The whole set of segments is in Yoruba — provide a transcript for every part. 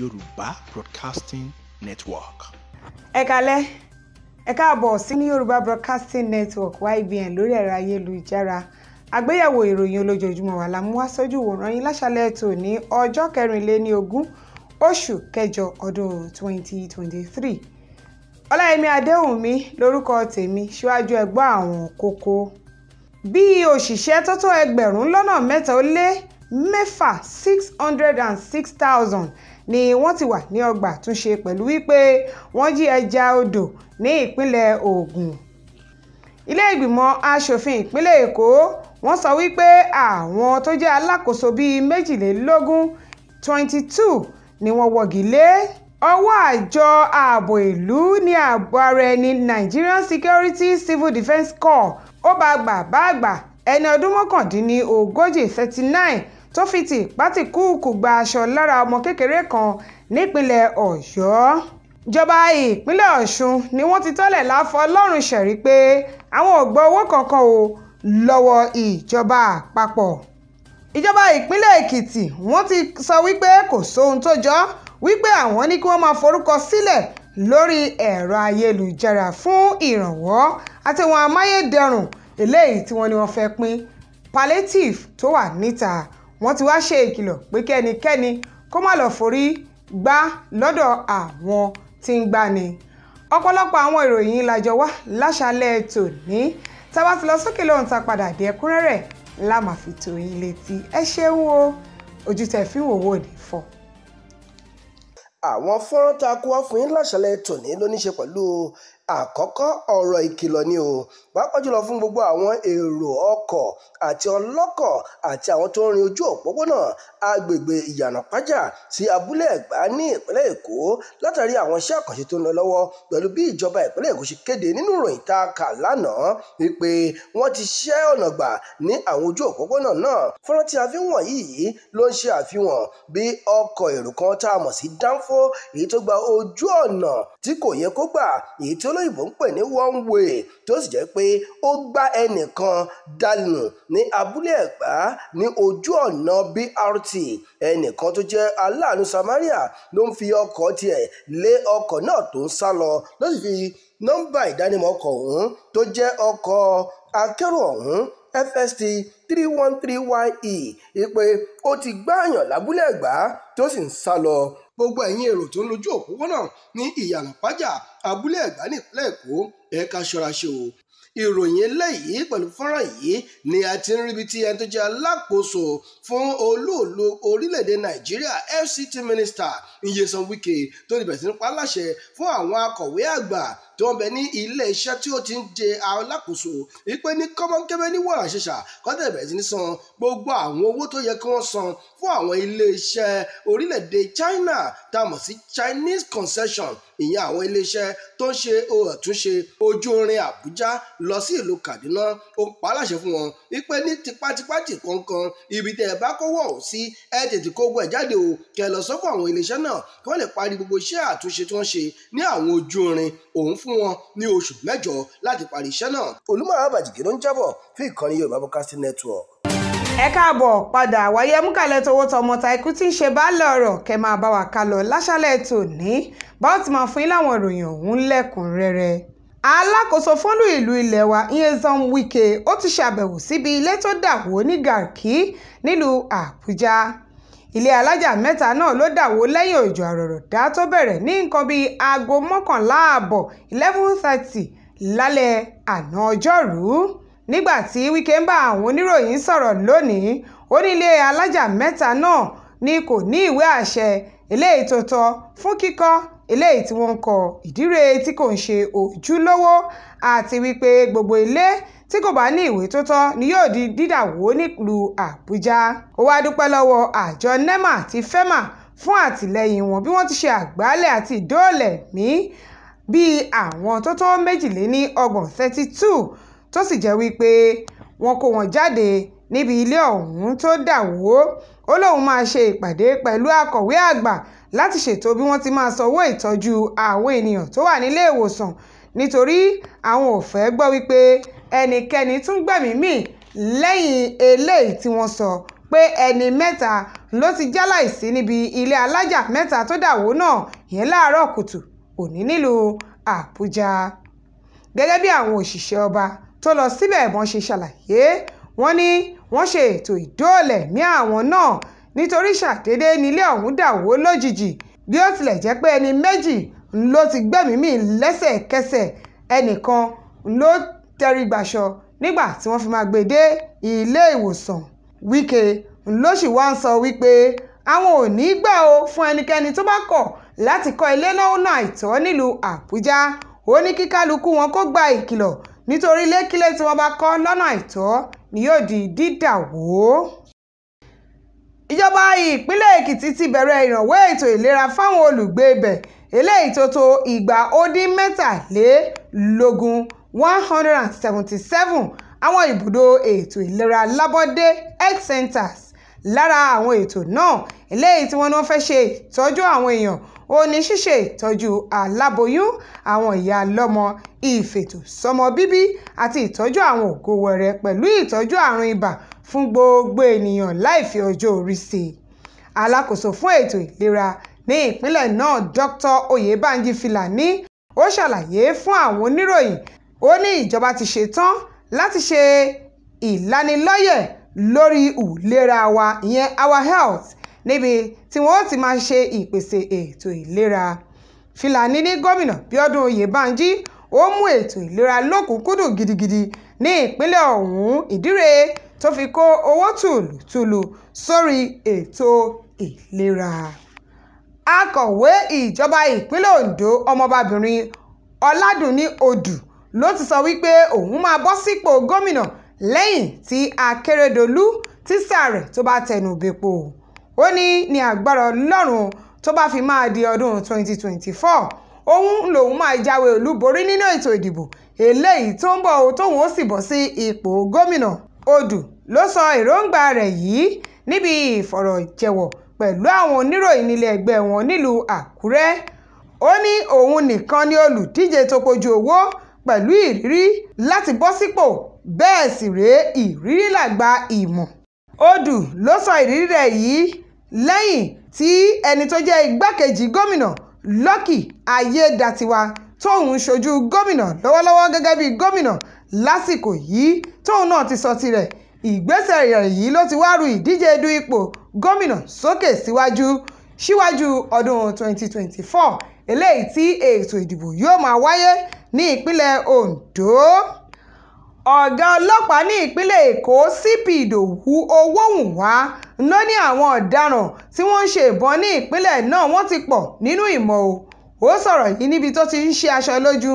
yorùbá broadcasting network. ẹ kalẹ́ ẹ káàbọ̀ sí ní yorùbá broadcasting network ybn lórí ẹ̀rọ ayélujára àgbéyẹ̀wò ìròyìn olójoojúmọ́ wa la mú wá sójú wòran yín láṣálẹ́ ètò ní ọjọ́ kẹrìnléní ogún oṣù kẹjọ ọdún 2023 ọláyẹmí adéhùnmí lórúkọ tèmi síwájú ẹgbọ́ àwọn kókó bí òṣìṣẹ́ tó tó ẹgbẹ̀rún lọ́nà mẹ́ta ó lé mẹ́fà six hundred and six thousand ni wọ́n ti wà ní ọgbà àtúnṣe pẹ̀lú wípé wọ́n jí ẹja odò ní ìpínlẹ̀ Ògùn ilé ìgbìmọ̀ asòfin ìpínlẹ̀ Èkó wọ́n sọ wípé àwọn tó jẹ́ alákòóso bíi méjìlélógún twenty two ni wọ́n wọ́gi lé ọwọ́ àjọ ààbò ìlú ní ààbò ara ẹni Nigerian Security Civil Defence Corps ó bá gbà bá àgbà ẹni ọdún mọ́kàndínní ogójì thirty nine tó fi ti pátíkùùkù gba aṣọ lára ọmọ kékeré kan nípínlẹ̀ ọ̀yọ́ ìjọba ìpínlẹ̀ ọ̀ṣun ni wọ́n ti tọ́lẹ̀ láfọ ọlọ́run ṣẹ̀rí pé àwọn ò gba owó kankan o lọ́wọ́ ìjọba àpapọ̀ ìjọba ìpínlẹ̀ èkìtì wọ́n ti sọ wípé kò sóhun tó jọ wípé àwọn ní kí wọ́n máa forúkọ sílẹ̀ lórí ẹ̀rọ ayélujára fún ìrànwọ́ àti wọn amáyédẹrùn eléyìí tí wọ́n ní wọ́n fẹ́ pín palliative tó wà níta wọ́n ti wá ṣe ìkìlọ̀ pé kẹ́nikẹ́ni kó má lọ forí gbá lọ́dọ̀ àwọn tí ń gbani ọ̀pọ̀lọpọ̀ àwọn ìròyìn làjọ wá láṣálẹ́ tòní tá a bá ti lọ sókè lóhùn tá a padà dé ẹ̀kúnrẹ́rẹ́ la máa fi tó yín létí ẹ ṣeun o ojú tẹ́ fi wò wò ní fọ́. àwọn fọ́nrán tá a kó wá fún yín láṣálẹ́ tòní ló ní àkọ́kọ́ ọ̀rọ̀ ìkìlọ̀ ni o pàápàá jùlọ fún gbogbo àwọn èrò ọkọ̀ àti ọlọ́kọ̀ àti àwọn tó ń rin ojú òpópónà agbègbè ìyànàpájà sí abúlé ẹ̀gbá ní ìpínlẹ̀ èkó látàrí àwọn iṣẹ́ àkànṣe tó ń lọ lọ́wọ́ pẹ̀lú bí ìjọba ìpínlẹ̀ èkó ṣe kéde nínú ìròyìn tá a kà lánàá wípé wọ́n ti ṣẹ́ ọ̀nà gbà ní àwọn ojú òpópónà náà fọ́nrán tí a fi wọ̀n yìí ló ń ṣe àfihàn bí ọkọ̀ èrò kan tá a mọ̀ sí dánfó èyí tó gba ojú ọ̀nà tí kò yẹ kó gbà èyí tó tólóyìnbó ń pè ní one way tí ó sì jẹ́ pé ó gbá ẹnìkan dànù ní abúlé ẹ̀gbá ní ojú ọ̀nà BRT ẹnìkan tó jẹ́ aláàánú Samaria ló ń fi ọkọ̀ tiẹ̀ lé ọkọ̀ náà tó ń sá lọ ló sì fi nọ́mbà ìdánimọ̀ ọkọ̀ ọ̀hún tó jẹ́ ọkọ̀ akẹ́rù ọ̀hún FST three one three YE ìpè ó ti gbáàyàn lábúlé ẹ̀gbá tó sì ń sá lọ gbogbo ẹ̀yin èrò tó ń lójú òpópónà ní ìyànà pájà abúlé ẹ̀gbá nípínlẹ̀ èkó ẹ̀ka ṣọ́ra ìròyìn eléyìí pẹ̀lú fọ́nrán yìí ni a ti ń ríbi tí ẹni tó jẹ́ alákòóso fún olóòlù orílẹ̀-èdè nàìjíríà fct minister Nyesom Wike tó ti bẹ̀rẹ̀ sí ní pa láṣẹ fún àwọn akọ̀wé àgbà tó ń bẹ ní ilé iṣẹ́ tí ó ti ń jẹ alákòóso wípé ní kọ́mọ́kẹ́mẹ́ ní wọ́n àṣẹṣà kọ́tẹ̀ bẹ̀rẹ̀ sí ní san gbogbo àwọn owó tó yẹ kí wọ́n san fún àwọn ilé iṣẹ́ orílẹ̀-èdè China tá a mọ̀ sí Chinese concession ìyẹn àwọn ilé iṣẹ́ tó ń ṣe àtúnṣe ojú irin Àbújá lọ sí ìlú Kaduna ó pa á láṣẹ fún wọn wípé ní tipátipá tì kankan ibi tẹ ẹ bá kówó ọ̀hún sí ẹ tètè kó gbọ́ ẹ̀ jáde o kẹ lọ sọ́kọ̀ àwọn ilé iṣẹ́ náà kí wọ́n lè parí gbogbo iṣẹ́ àtúnṣe tí wọ́n ṣe ní àwọn ojú irin òun fún wọn ní oṣù mẹ́jọ láti parí iṣẹ́ náà. olùmọ̀ràn àbàjìkẹ́ ló ń jábọ̀ fún ìkànnì yorùbá broadcasting network. ẹ káàbọ̀ padà wáyé múkàlẹ̀ tówó tọmọ Taiku tí ń ṣe báàlẹ̀ ọ̀rọ̀ kẹ máa bá wa ká lọ láṣálẹ̀ tòní báwo ti máa fún yín láwọn ìròyìn ọ̀hún lẹ́kùnrẹ́rẹ́ alákòóso fọ́nrú ìlú ilé wa Nyesom Wike ó ti ṣàbẹ̀wò síbi ilé tó dà wó ní Garki nílùú Àbújá ilé alájà mẹ́ta náà ló dà wó lẹ́yìn òjò àrọ̀rọ̀dá tó bẹ̀rẹ̀ ní nǹkan bíi aago mọ́kànlá ààbọ̀ eleven thirty lálẹ́ àná ọjọ́rùú nígbà tí Wike ń bá àwọn oníròyìn sọ̀rọ̀ lónìí ó ní ilé alájà mẹ́ta náà ni kò ní ìwé àṣẹ eléyìí tó tọ́ fún kíkọ́ eléyìí tí wọ́n ń kọ́ ìdírè tí kò ń ṣe ojúlówó àti wípé gbogbo ilé tí kò bá ní ìwé tó tọ́ ni yóò di dídà wó nílùú Àbújá. Ó wáá dúpẹ́ lọ́wọ́ àjọ NEMA àti FEMA fún àtìlẹ́yìn wọn bí wọ́n ti ṣe àgbàálẹ̀ àti ìdóòlà ẹ̀mí bíi àwọn tó tó méjìléníọgbọ̀n (32) tó sì jẹ́ wípé wọ́n kó wọn jáde níbi ilé ọ̀hún tó dà wó. Ó lóun máa ṣe ìpàdé pẹ̀lú akọ̀wé àgbà láti ṣètò bí wọ́n ti máa sanwó ìtọ́jú àwọn ènìyàn tó wà nílé ìwòsàn nítorí àwọn ò fẹ́ gbọ́ wípé ẹnikẹ́ni tún gbẹ̀mí mi lẹ́yìn eléyìí tí wọ́n sọ pé ẹni mẹ́ta ló ti jàláìsí níbi ilé alájà mẹ́ta tó dà wó náà ìyẹn láàárọ̀ kùtù òní nílùú àbújá gẹ́gẹ́ bí àwọn òṣìṣẹ́ ọba tó lọ síbẹ̀ mọ́ ṣe ṣàlàyé wọ́n ní wọ́n ṣe ètò ìdóòlẹ̀mí àwọn náà nítorí ṣàdédé nílé ọ̀hún dà wó lójijì bí ó tilẹ̀ jẹ́ pé ẹni méjì ló ti gbẹ̀mí mi lẹ́sẹ̀kẹsẹ̀ ẹnìkan ló tẹrí gbàsọ nígbà tí wọ́n fi máa gbé e dé ilé-ìwòsàn. Wike ńlọ́sì wá ń sọ wípé àwọn ò ní í gbà ó fún ẹnikẹ́ni tó bá kọ̀ láti kọ́ ilé lọ́nà àìtọ́ nílùú Àbújá. Ó ní kí kálukú wọn kó gba ìkìlọ̀ nítorí ilé-kílé tí wọ́n bá kọ́ lọ́nà àìtọ́ ni yóò di dídà wó. Ìjọba ìpínlẹ̀ Èkìtì ti bẹ̀rẹ̀ ìrànwọ́ ètò ìlera fáwọn olùgbé ibẹ̀ eléyìí tó tó 237 177 àwọn ibùdó ètò ìlera Labode. health centers. Lára àwọn ètò náà eléyìí tí wọ́n ní wọ́n fẹ́ ṣe ìtọ́jú àwọn èèyàn ó ní ṣíṣe ìtọ́jú aláboyún àwọn ìyá lọ́mọ ìfètòsọ́mọ bíbí àti ìtọ́jú àwọn ògo wẹrẹ pẹ̀lú ìtọ́jú àrùn ibà fún gbogbo ènìyàn láì fi ọjọ́ orí sí i. Alákòóso fún ètò ìlera ní ìpínlẹ̀ náà Dr. Oyèbánjí Fìlàní ó ṣàlàyé fún àwọn oníròyìn ó ní ìjọba ti ṣetán láti ṣe ìlanilọ́yẹ̀ lórí ìlera wa ìyẹn our health níbi tí wọn ó ti máa ṣe ìpèsè ètò ìlera Fìlàní ní gómìnà Bíọ́dún Oyèbánjí ó mú ètò ìlera lọ́kùnkúndùn gidigidi ní ìpínlẹ̀ ọ̀hún ìdí rèé tó fi kó owó tùlùtùlù sórí ètò ìlera. Akọ̀wé ìjọba ìpínlẹ̀ Ondo ọmọbabìnrin Ọládùnní Odù ló ti sọ wípé òun máa bọ́ sípò gómìnà lẹ́yìn tí akérèdọ́lù tísà rẹ̀ tó bá tẹnu bẹ́pò ó ní ní agbára ọlọ́run tó bá fi máa di ọdún 2024 òun lòun máa jáwé olúborí nínú ètò ìdìbò eléyìí tó ń bọ̀ tóun ó sì bọ́ sí ipò gómìnà odù ló sọ èròǹgbà rẹ̀ yìí níbi ìfọ̀rọ̀jẹwọ̀ pẹ̀lú àwọn oníròyìn nílé ẹgbẹ́ wọn nílùú àkúrẹ́ ó ní òun nìkan ni olùdíje tó kojú owó pẹ̀lú ìrírí láti bọ́ sípò bẹ́ẹ̀ sì rèé ìrírí lágbà ìmọ̀ odù ló sọ ìrírí rẹ̀ yìí lẹ́yìn tí ẹni tó jẹ́ igbákejì gómìnà Lucky Ayédàtiwa tóun ṣojú gómìnà lọ́wọ́lọ́wọ́ gẹ́gẹ́ bí gómìnà lásìkò yìí tóun náà ti sọ tirẹ̀ ìgbésẹ̀ rẹ̀ yìí ló ti wá ru ìdíje du ipò gómìnà sókè síwájú síwájú ọdún 2024 eléyìí tí ètò ìdìbò yóò máa wáyé ní ìpínlẹ̀ Ondo ọ̀gá ọlọ́pàá ní ìpínlẹ̀ èkó cp ìdòwú owóhùnwá ló ní àwọn ọ̀daràn tí wọ́n ń ṣe ìbọn ní ìpínlẹ̀ náà wọ́n ti pọ̀ nínú ìmọ̀ o ó sọ̀rọ̀ yìí níbi tó ti ń ṣe aṣọ lójú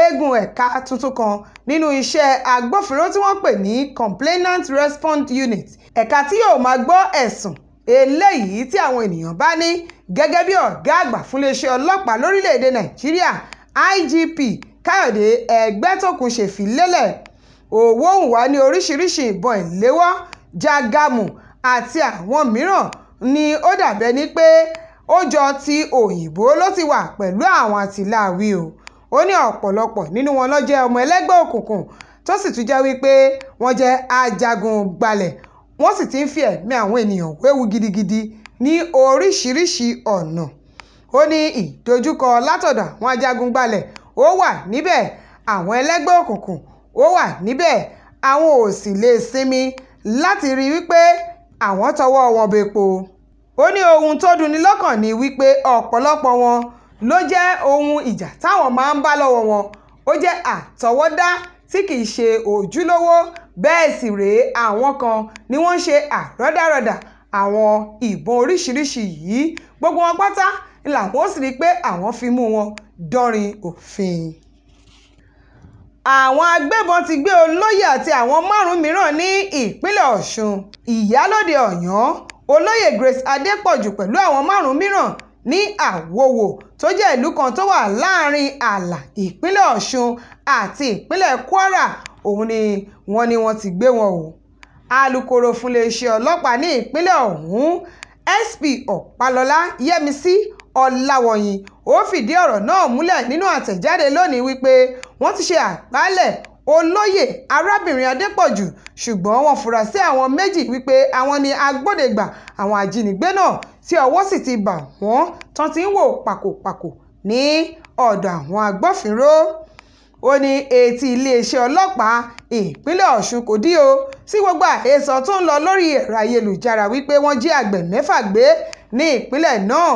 eégún ẹ̀ka tuntun kan nínú iṣẹ́ agbófinró tí wọ́n pè ní complainant response unit ẹ̀ka tí yóò máa gbọ́ ẹ̀sùn eléyìí tí àwọn ènìyàn bá ní gẹ́gẹ́ bí ọ̀gá àgbà fúnléeṣẹ́ ọlọ́pàá lórílẹ̀‐èdè nàìjíríà igp káyọ̀dé ẹgbẹ́tòkun ṣe fìlélẹ̀ òwòǹwá ní oríṣiríṣi ìbọn ìléwọ́ jágàmù àti àwọn mìíràn ni ó dàbí ẹni pé ó jọ ti òyìnbó ló ti wà pẹ̀lú àwọn àtìláàwí o ó ní ọ̀pọ̀lọpọ̀ nínú wọn ló jẹ́ ọmọ ẹlẹ́gbẹ́ òkùnkùn tó sì tún jẹ́ wípé wọ́n jẹ́ ajagun gbalẹ̀ wọ́n sì ti ń fi ẹ̀mí àwọn ènìyàn wéwu gidigidi ní oríṣiríṣiì ọ̀nà ó ní ìdojúkọ látọ̀dọ̀ àwọn ajàgùnbalẹ̀ ó wà níbẹ̀ àwọn ẹlẹ́gbẹ́ òkùnkùn ó wà níbẹ̀ àwọn ò sì lè sinmi láti rí i wípé àwọn tọwọ́ wọn bepo ó ní ohun tó dùnni lọ́kàn ni wípé ọ̀pọ̀lọpọ̀ wọn ló jẹ́ ohun ìjà táwọn máa ń bá lọ́wọ́ wọn ó jẹ́ àtọwọ́dá tí kì í ṣe ojúlówó bẹ́ẹ̀ sì rèé àwọn kan ni wọ́n ń ṣe àrọ́dàrọ́dà àwọn ìbọn oríṣiríṣiì yìí gbogbo wọn pátá ni làwọn sì rí i pé àwọn fi mú wọn dórin òfin àwọn agbébọn ti gbé olóyè àti àwọn márùn-ún mìíràn ní ìpínlẹ̀ ọ̀ṣun ìyálóde ọ̀yọ́ olóyè grace adépọ̀jù pẹ̀lú àwọn márùn-ún mìíràn ní àwòwò tó jẹ́ ìlú kan tó wà láàrin ààlà ìpínlẹ̀ ọ̀ṣun àti ìpínlẹ̀ kwara òun ni wọ́n ní wọ́n ti gbé wọn o alūkkóró fúnléeṣẹ́ ọlọ́pàá ní ìpínlẹ̀ ọ̀hún sp ọ̀pálọ́lá yẹ́misí ọ̀làwọ̀yìn ó fìdí ọ̀rọ̀ náà múlẹ̀ nínú àtẹ̀jáde lónìí wípé wọ́n ti ṣe àgbálẹ̀ olóyè arábìnrin adépọ̀jù ṣùgbọ́n wọ́n fura sí àwọn méjì wípé àwọn ni agbódegbà àwọn ajínigbé náà tí ọwọ́ sì ti bà wọ́n tán ti ń wò pàkòpàkò ní ọ̀dọ̀ àwọn agbófinró ó ní etí iléeṣẹ́ ọlọ́pàá ìpínlẹ̀ ọ̀ṣun kò dí o sí gbogbo àhesọ tó ń lọ lórí ẹ̀rọ ayélujára wípé wọ́n jí àgbẹ̀ mẹ́fà gbé ní ìpínlẹ̀ náà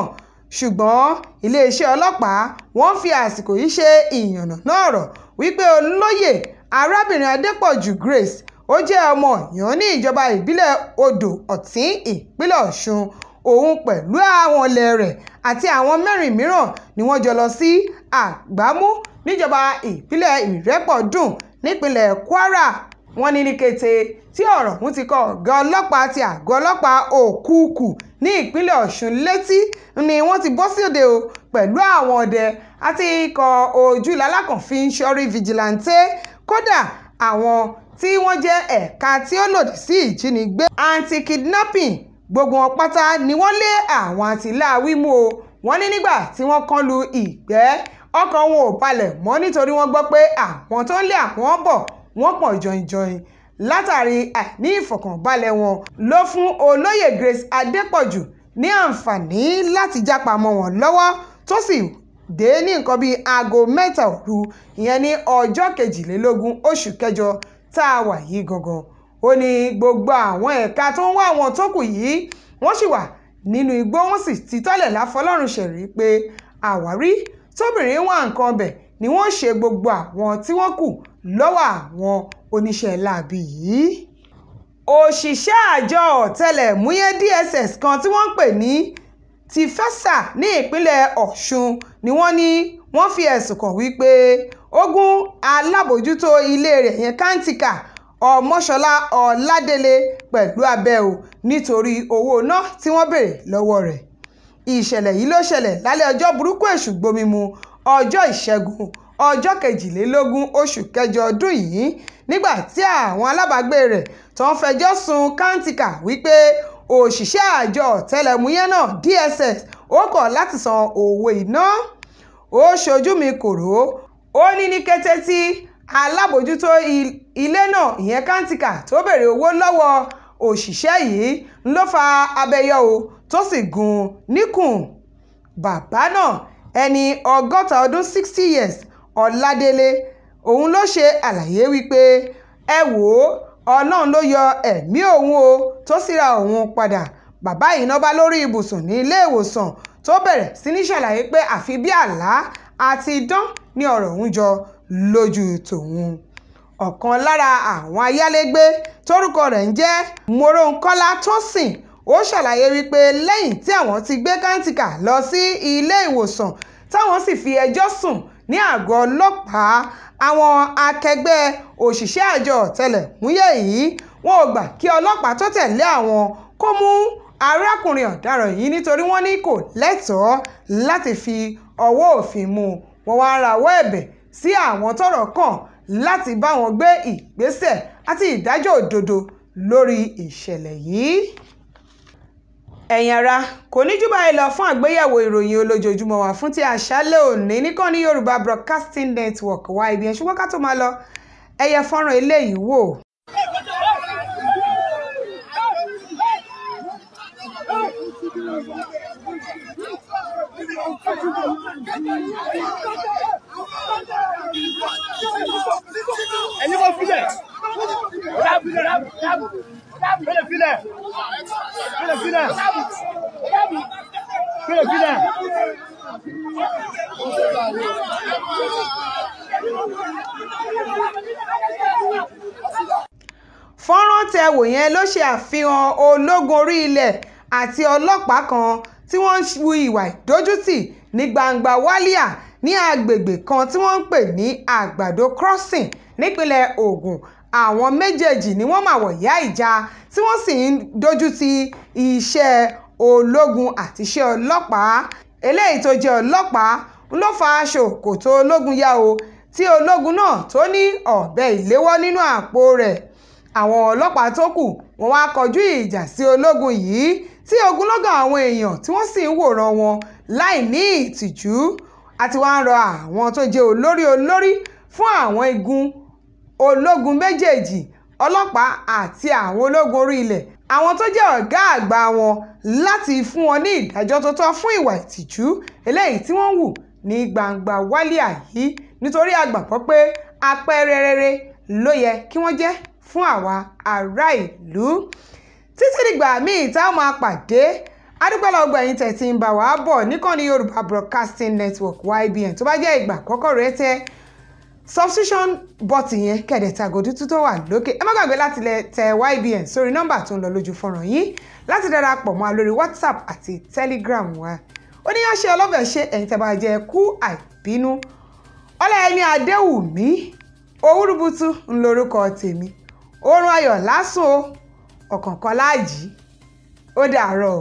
ṣùgbọ́n iléeṣẹ́ ọlọ́pàá wọ́n fi àsìkò yìí ṣe ìyànnàná ọ̀rọ̀ wípé olóyè arábìnrin adépọ̀jù grace ó jẹ́ ọmọ ọ̀yàn ní ìjọba ìbílẹ̀ odò ọ̀tín ìpínlẹ̀ ọ̀ṣun òun pẹ̀lú àwọn ọ̀lẹ́ rẹ̀ àti àwọn mẹ́rin mìíràn ni wọ́n jọ lọ sí àgbámú níjọba ìbílẹ̀ ìrépọ̀dùn nípínlẹ̀ kwara wọ́n ní ní kété tí ọ̀rọ̀ ọ̀hún ti kọ ọ̀gá ọlọ́pàá ti àgọ́ ọlọ́pàá òkúkù ní ìpínlẹ̀ ọ̀ṣun létí ni wọ́n ti bọ́ síde o pẹ̀lú àwọn ọdẹ àti ikọ̀ ojú lalákànfin sọ́rí fìjìláńtè kódà àwọn tí wọ́n jẹ́ ẹ̀ka tí ó lòdì sí ìjínigbé anti-kidnapping gbogbo wọn pátá ni wọ́n lé àwọn àtìláàwí mú o wọ́n ní nígbà tí wọ́n kàn lu ìgbẹ́ ọkàn wọn ò balẹ̀ mọ́ nítorí wọ́n gbọ́ pé àwọn tó ń lé àwọn bọ̀ wọ́n pọ̀ jọinjọin látàrí àìní ìfọ̀kànbalẹ̀ wọn ló fún olóyè Grace Adépọ̀jù ní àǹfààní láti jápa mọ́ wọn lọ́wọ́ tó sì dé ní nǹkan bíi aago mẹ́ta òru ìyẹn ní ọjọ́ kejìlélógún oṣù kẹjọ tá a wà yìí gangan ó ní gbogbo àwọn ẹ̀ka tó ń wá àwọn tó kù yìí wọ́n sì wà nínú igbó wọ́n sì ti tọ́lẹ̀ láfọlọ́run ṣẹ̀rí pé àwárí tóbìnrin ń wá nǹkan ọbẹ̀ ni wọ́n ṣe gbogbo àwọn tí wọ́n kù lọ́wọ́ àwọn oníṣẹ́ láabi yìí òṣìṣẹ́ àjọ ọ̀tẹlẹ̀múyẹ́ DSS kan tí wọ́n ń pè ní tìfẹ́sà ní ìpínlẹ̀ Ọ̀ṣun ni wọ́n ní wọ́n fi ẹ̀sùn kàn wípé ó gún alábòójútó ilé rẹ̀ yẹn kántíkà ọmọṣọlá ọládélé pẹ̀lú abẹ́ o nítorí owó ná tí wọ́n béèrè lọ́wọ́ rẹ̀ ìṣẹ̀lẹ̀ yìí ló ṣẹlẹ̀ lálẹ́ ọjọ́ burúkú èṣù gbomimu ọjọ́ ìṣẹ́gun ọjọ́ kejìlélógún oṣù kẹjọ ọdún yìí nígbà tí àwọn alábàágbé rẹ̀ tó ń fẹjọ́ sun kántíkà wípé òṣìṣẹ́ àjọ ọ̀tẹlẹ̀múyẹ́ náà DSS ó kọ̀ láti san owó iná ó ṣojú mi kòró ó ní ní kété tí alábòjútó ilé náà ìyẹn kántíkà tó béèrè owó lọ́wọ́ òṣìṣẹ́ yìí ló fa abẹ́yẹ́wò tó sì gún un níkùn bàbá náà ẹni ọgọ́ta ọdún sixty years ọládélé òun ló ṣe àlàyé wípé ẹ wò ó ọlọ́run ló yọ ẹ̀mí òun o tó sì ra òun padà bàbá yìí ná bá lórí ibùsùn ní ilé ìwòsàn tó bẹ̀rẹ̀ sí ní ṣàlàyé pé àfi bí àlá àti idán ni ọ̀rọ̀ òun jọ lójú tòun ọ̀kan lára àwọn ayálégbé tórúkọ rẹ̀ ń jẹ́ mòrónkọ́lá tósìn ó ṣàlàyé wípé lẹ́yìn tí àwọn ti gbé kántíkà lọ sí ilé ìwòsàn táwọn sì fi ẹjọ́ sùn ní àgọ́ ọlọ́pàá àwọn akẹgbẹ́ òṣìṣẹ́ àjọ ọ̀tẹlẹ̀múyẹ́ yìí wọn ò gbà kí ọlọ́pàá tó tẹ̀lé àwọn kó mú arákùnrin ọ̀daràn yìí nítorí wọ́n ní kò lẹ́tọ̀ọ́ láti fi ọwọ́ òfin mú wọn wá rawọ́ ẹ̀bẹ̀ sí àwọn tọ́rọ̀ kàn láti bá wọn gbé ìgbésẹ̀ àti ìdájọ́ òdodo lórí ìṣẹ̀lẹ̀ yìí ẹ̀yin ará kò ní jù báyìí lọ fún àgbéyẹ̀wò ìròyìn olójoojúmọ́ wa fún ti àṣálẹ́ òní nìkànnì Yorùbá Broadcasting Network wa ibi ẹ̀ ṣùgbọ́n ká tó máa lọ ẹ yẹ fọ́nrán eléyìí wò. ìyẹn ló ṣe àfihàn ológun orí ilẹ̀ àti ọlọ́pàá kan tí wọ́n ń hu ìwà ìdójútì ní gbangba wálíà ní àgbègbè kan tí wọ́n ń pè ní àgbàdo crossing nípínlẹ̀ Ògùn àwọn méjèèjì ni wọ́n mà wọ̀yá ìjà tí wọ́n sì ń dojútì iṣẹ́ ológun àti iṣẹ́ ọlọ́pàá eléyìí tó jẹ́ ọlọ́pàá ló fa aṣọ òkòtó ológun yá o tí ológun náà tó ní ọ̀bẹ ìléwọ́ nínú àpò rẹ̀ àwọn ọlọ́pàá tó kù wọ́n wá kọjú ìjà sí ológun yìí tí ogunlọ́gọ̀ àwọn èèyàn tí wọ́n sì ń wòran wọn láì ní ìtìjú àti wá ń rọ àwọn tó jẹ́ olórí olórí fún àwọn igun ológun méjèèjì ọlọ́pàá àti àwọn ológun orí ilẹ̀ àwọn tó jẹ́ ọ̀gá àgbà wọn láti fún wọn ní ìdájọ́ tó tọ́ fún ìwà ìtìjú eléyìí tí wọ́n wù ní gbangba wálíà yìí nítorí a pé apẹẹrẹ ló yẹ kí wọ́n jẹ́ fún àwa ará ìlú títí dìgbà míì tá a máa pàdé adúpẹ́ lọ́wọ́ gbogbo ẹ̀yin tẹ́ ti ń bá wa bọ̀ níkànnì Yorùbá Broadcasting Network YBN tó bá jẹ́ ìgbà àkọ́kọ́ rẹ tẹ́ substitution bọ́ọ̀tì yẹn kẹ̀dẹ̀ tàgòdì tó tó wà lókè ẹ má gbàgbé láti tẹ YBN sórí nọ́mbà tó ń lọ lójú fọ́nrán yìí láti darapọ̀ mọ́ a lórí WhatsApp àti Telegram wa oníyanṣẹ́ ọlọ́bẹ̀ ṣe ẹ̀yin tẹ́ bá jẹ́ kú àìbínú ọlọ́yẹmí adéwùmí òwúrúbutu ńlórúkọ tèmi oorun ayọ̀ lásùn o ọ̀kọ̀ọ̀kan láàjì ó dàárọ̀ o.